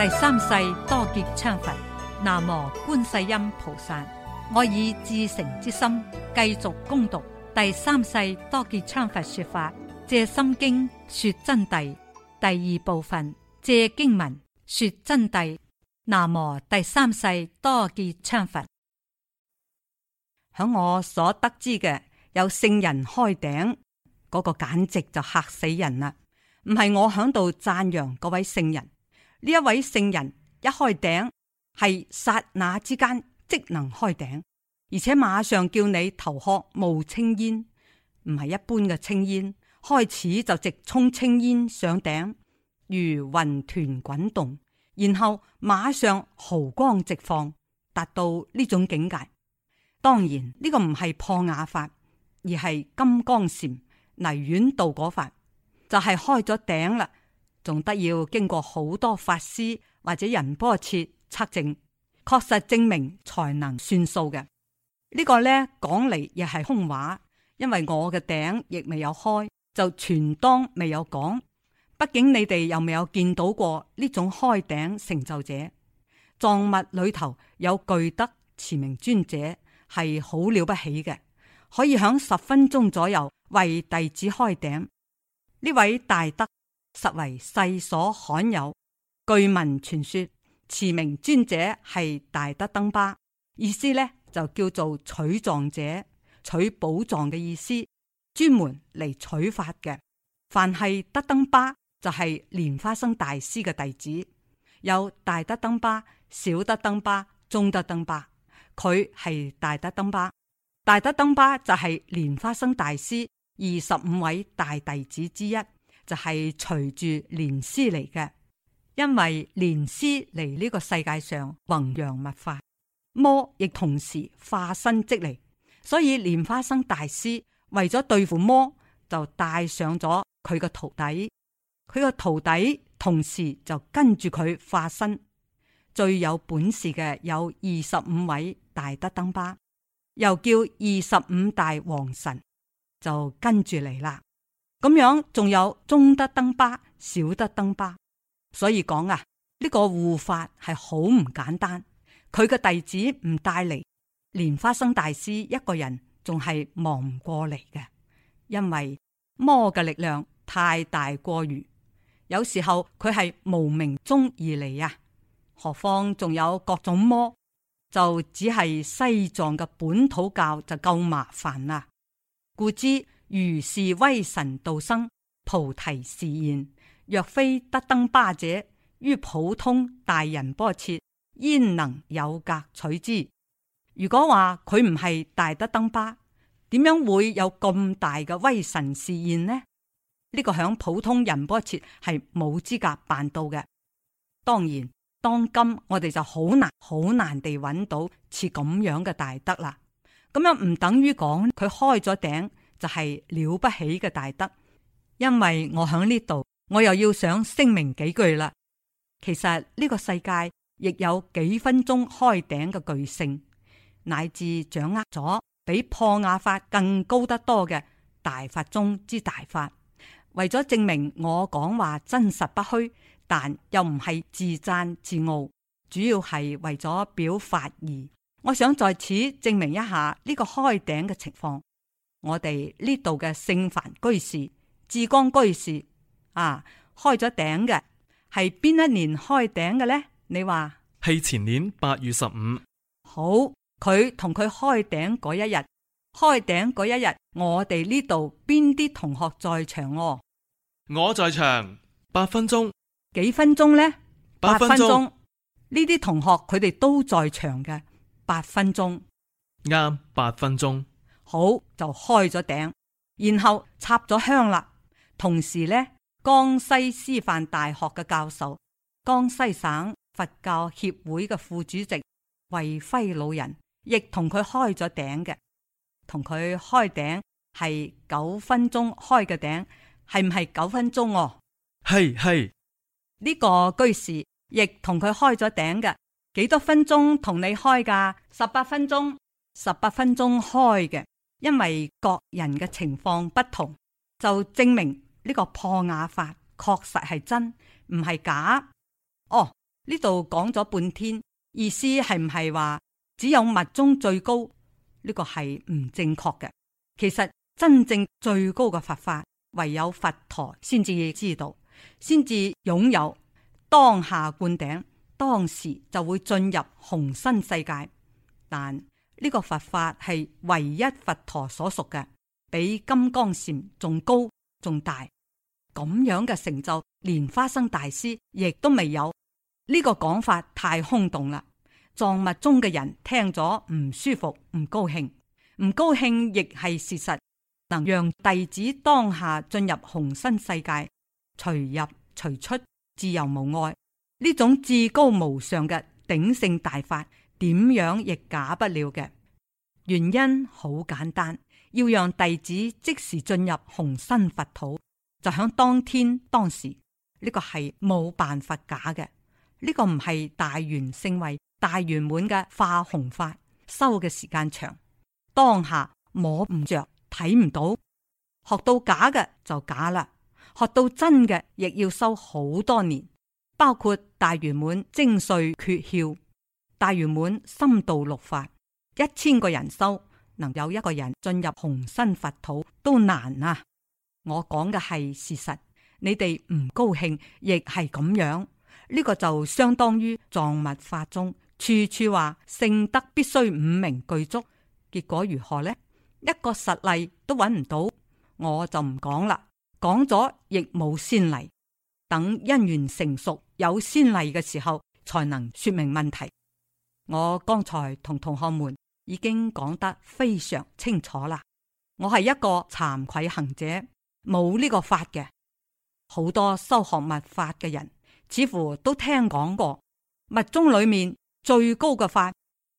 第三世多杰羌佛，南無觀世音菩薩。我以至誠之心繼續恭讀第三世多杰羌佛說法，藉心經說真諦第二部分，藉經文說真諦。南無第三世多杰羌佛。響我所得知嘅有聖人開頂，嗰個簡直就嚇死人啦！唔係我響度讚揚嗰位聖人。呢一位聖人一開頂，係剎那之間即能開頂，而且馬上叫你頭殼冒青煙，唔係一般嘅青煙，開始就直沖青煙上頂，如雲團滾動，然後馬上毫光直放，達到呢種境界。當然呢、這個唔係破瓦法，而係金剛禪泥丸道果法，就係、是、開咗頂啦。仲得要經過好多法師或者仁波切測證，確實證明才能算數嘅。呢、這個呢講嚟亦係空話，因為我嘅頂亦未有開，就全當未有講。畢竟你哋又未有見到過呢種開頂成就者，藏密裏頭有具德持名尊者，係好了不起嘅，可以響十分鐘左右為弟子開頂。呢位大德。實為世所罕有。據聞傳說，持名尊者係大德登巴，意思咧就叫做取藏者，取寶藏嘅意思，專門嚟取法嘅。凡係德登巴，就係蓮花生大師嘅弟子，有大德登巴、小德登巴、中德登巴。佢係大德登巴，大德登巴就係蓮花生大師二十五位大弟子之一。就係隨住蓮師嚟嘅，因為蓮師嚟呢個世界上弘揚密法，魔亦同時化身即嚟，所以蓮花生大師為咗對付魔，就帶上咗佢個徒弟，佢個徒弟同時就跟住佢化身最有本事嘅有二十五位大德登巴，又叫二十五大王神，就跟住嚟啦。咁樣仲有中德登巴、小德登巴，所以講啊，呢個護法係好唔簡單。佢嘅弟子唔帶嚟，蓮花生大師一個人仲係忙唔過嚟嘅，因為魔嘅力量太大過餘，有時候佢係無名中而嚟啊。何況仲有各種魔，就只係西藏嘅本土教就夠麻煩啦，啊，故之。如是威神道生菩提示現，若非得登巴者於普通大仁波切，焉能有格取之？如果話佢唔係大德登巴，點樣會有咁大嘅威神示現呢？呢、呢個響普通仁波切係冇資格辦到嘅。當然，當今我哋就好難、好難地揾到似咁樣嘅大德啦。咁樣唔等於講佢開咗頂。就係了不起嘅大德。因為我響呢度，我又要想聲明幾句啦。其實呢個世界亦有幾分鐘開頂嘅巨星，乃至掌握咗比破瓦法更高得多嘅大法中之大法。為咗證明我講話真實不虛，但又唔係自贊自傲，主要係為咗表法意。我想在此證明一下呢個開頂嘅情況。我哋呢度嘅聖凡居士、志光居士啊，開咗頂嘅係邊一年開頂嘅呢？你話係前年八月十五。好，佢同佢開頂嗰一日，開頂嗰一日，我哋呢度邊啲同學在場啊？我在場八分鐘，幾分鐘呢？八分鐘。呢啲同學佢哋都在場嘅，八分鐘。啱，八分鐘。好就開咗頂，然後插咗香啦。同時呢，江西師範大學嘅教授、江西省佛教協會嘅副主席惠輝老人，亦同佢開咗頂嘅。同佢開頂係九分鐘開嘅頂，係唔係九分鐘哦？係係，呢個居士亦同佢開咗頂嘅，幾多分鐘同你開噶？十八分鐘，十八分鐘開嘅。因為各人嘅情況不同，就證明呢個破瓦法確實係真，唔係假。哦，呢度講咗半天，意思係唔係話只有密宗最高呢個係唔正確嘅？其實真正最高嘅佛法，唯有佛陀先至知道，先至擁有當下灌頂，當時就會進入虹身世界，但。呢個佛法係唯一佛陀所屬嘅，比金剛禪仲高仲大，咁樣嘅成就連花生大師亦都未有。呢、這個講法太空洞啦，藏密中嘅人聽咗唔舒服，唔高興，唔高興亦係事實。能讓弟子當下進入虹身世界，隨入隨出，自由無礙，呢種至高無上嘅頂勝大法，點樣亦假不了嘅原因好簡單，要讓弟子即時進入虹身佛土，就響當天當時呢、這個係冇辦法假嘅。呢、這個唔係大圓勝慧大圓滿嘅化虹法，修嘅時間長，當下摸唔着、睇唔到，學到假嘅就假啦，學到真嘅亦要修好多年，包括大圓滿精髓訣竅。大圓滿深道六法，一千個人修，能有一個人進入紅身佛土都難啊！我講嘅係事實，你哋唔高興亦係咁樣。呢個就相當於藏密法中處處話聖德必須五明具足，結果如何呢？一個實例都揾唔到，我就唔講啦。講咗亦冇先例，等因緣成熟有先例嘅時候，才能說明問題。我剛才同同學們已經講得非常清楚啦。我係一個慚愧行者，冇呢個法嘅。好多修學密法嘅人，似乎都聽講過密宗裏面最高嘅法，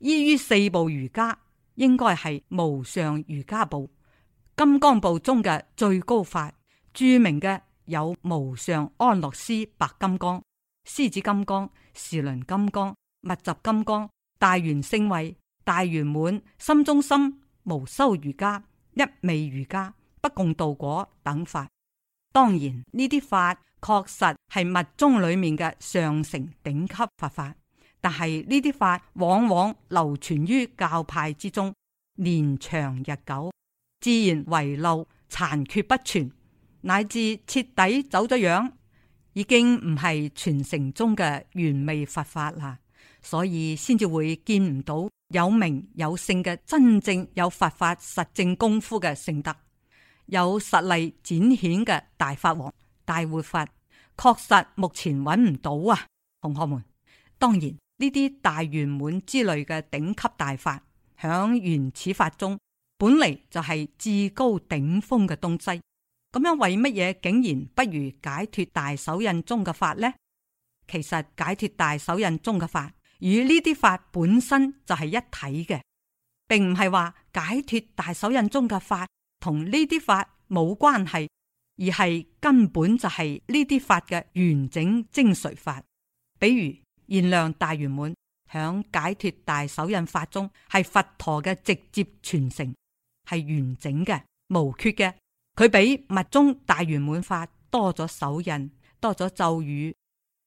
依於四部瑜伽，應該係無上瑜伽部、金剛部中嘅最高法。著名嘅有無上安樂師白金剛、獅子金剛、時輪金剛、密集金剛。大圓勝慧，大圓滿、心中心、無修瑜伽、一味瑜伽、不共道果等法，當然呢啲法確實係密宗裏面嘅上乘頂級佛法，法，但係呢啲法往往流傳於教派之中，年長日久，自然遺漏殘缺不全，乃至徹底走咗樣，已經唔係傳承中嘅原味佛法啦。所以先至會見唔到有名有姓嘅真正有佛法實證功夫嘅聖德，有實例展現嘅大法王大活佛，確實目前揾唔到啊！同學們，當然呢啲大圓滿之類嘅頂級大法，響原始法中本嚟就係至高頂峰嘅東西。咁樣為乜嘢竟然不如解脫大手印中嘅法呢？其實解脫大手印中嘅法，與呢啲法本身就係一體嘅，並唔係話解脫大手印中嘅法同呢啲法冇關係，而係根本就係呢啲法嘅完整精髓法。比如現量大圓滿響解脫大手印法中係佛陀嘅直接傳承，係完整嘅、無缺嘅。佢比密宗大圓滿法多咗手印，多咗咒語。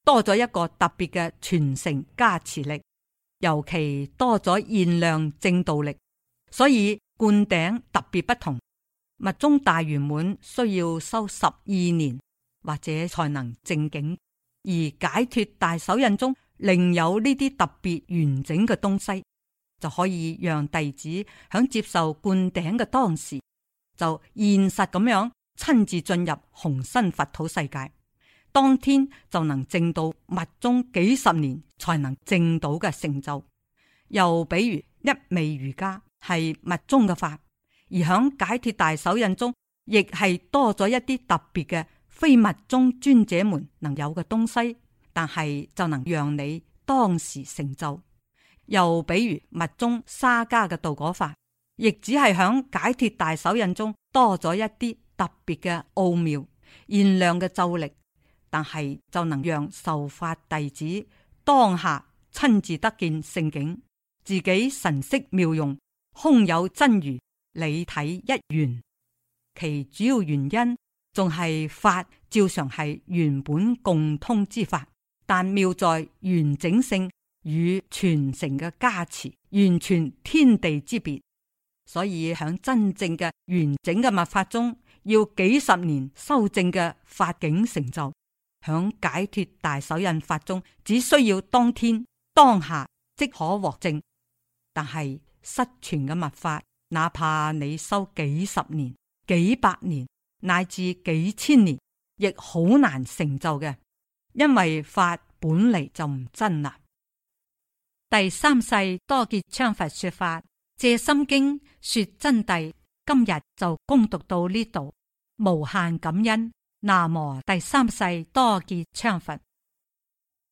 多咗一個特別嘅傳承加持力，尤其多咗現量正道力，所以灌頂特別不同。密宗大圓滿需要修十二年或者才能正境，而解脫大手印中另有呢啲特別完整嘅東西，就可以讓弟子響接受灌頂嘅當時就現實咁樣親自進入紅身佛土世界。當天就能證到密宗幾十年才能證到嘅成就，又比如一味瑜伽係密宗嘅法，而響解脫大手印中亦係多咗一啲特別嘅非密宗尊者們能有嘅東西，但係就能讓你當時成就。又比如密宗沙家嘅道果法，亦只係響解脫大手印中多咗一啲特別嘅奧妙、現量嘅咒力，但係就能讓受法弟子當下親自得見聖境，自己神色妙用，空有真如。理體一元。其主要原因仲係法照常係原本共通之法，但妙在完整性與傳承嘅加持，完全天地之別。所以喺真正嘅完整嘅物法中，要幾十年修正嘅法境成就。響解脱大手印法中，只需要當天當下即可獲證。但係失傳嘅密法，哪怕你修幾十年、幾百年，乃至幾千年，亦好難成就嘅，因為法本嚟就唔真喇！第三世多杰羌佛說法《藉心經》說真諦，今日就恭讀到呢度，無限感恩。南無第三世多杰羌佛。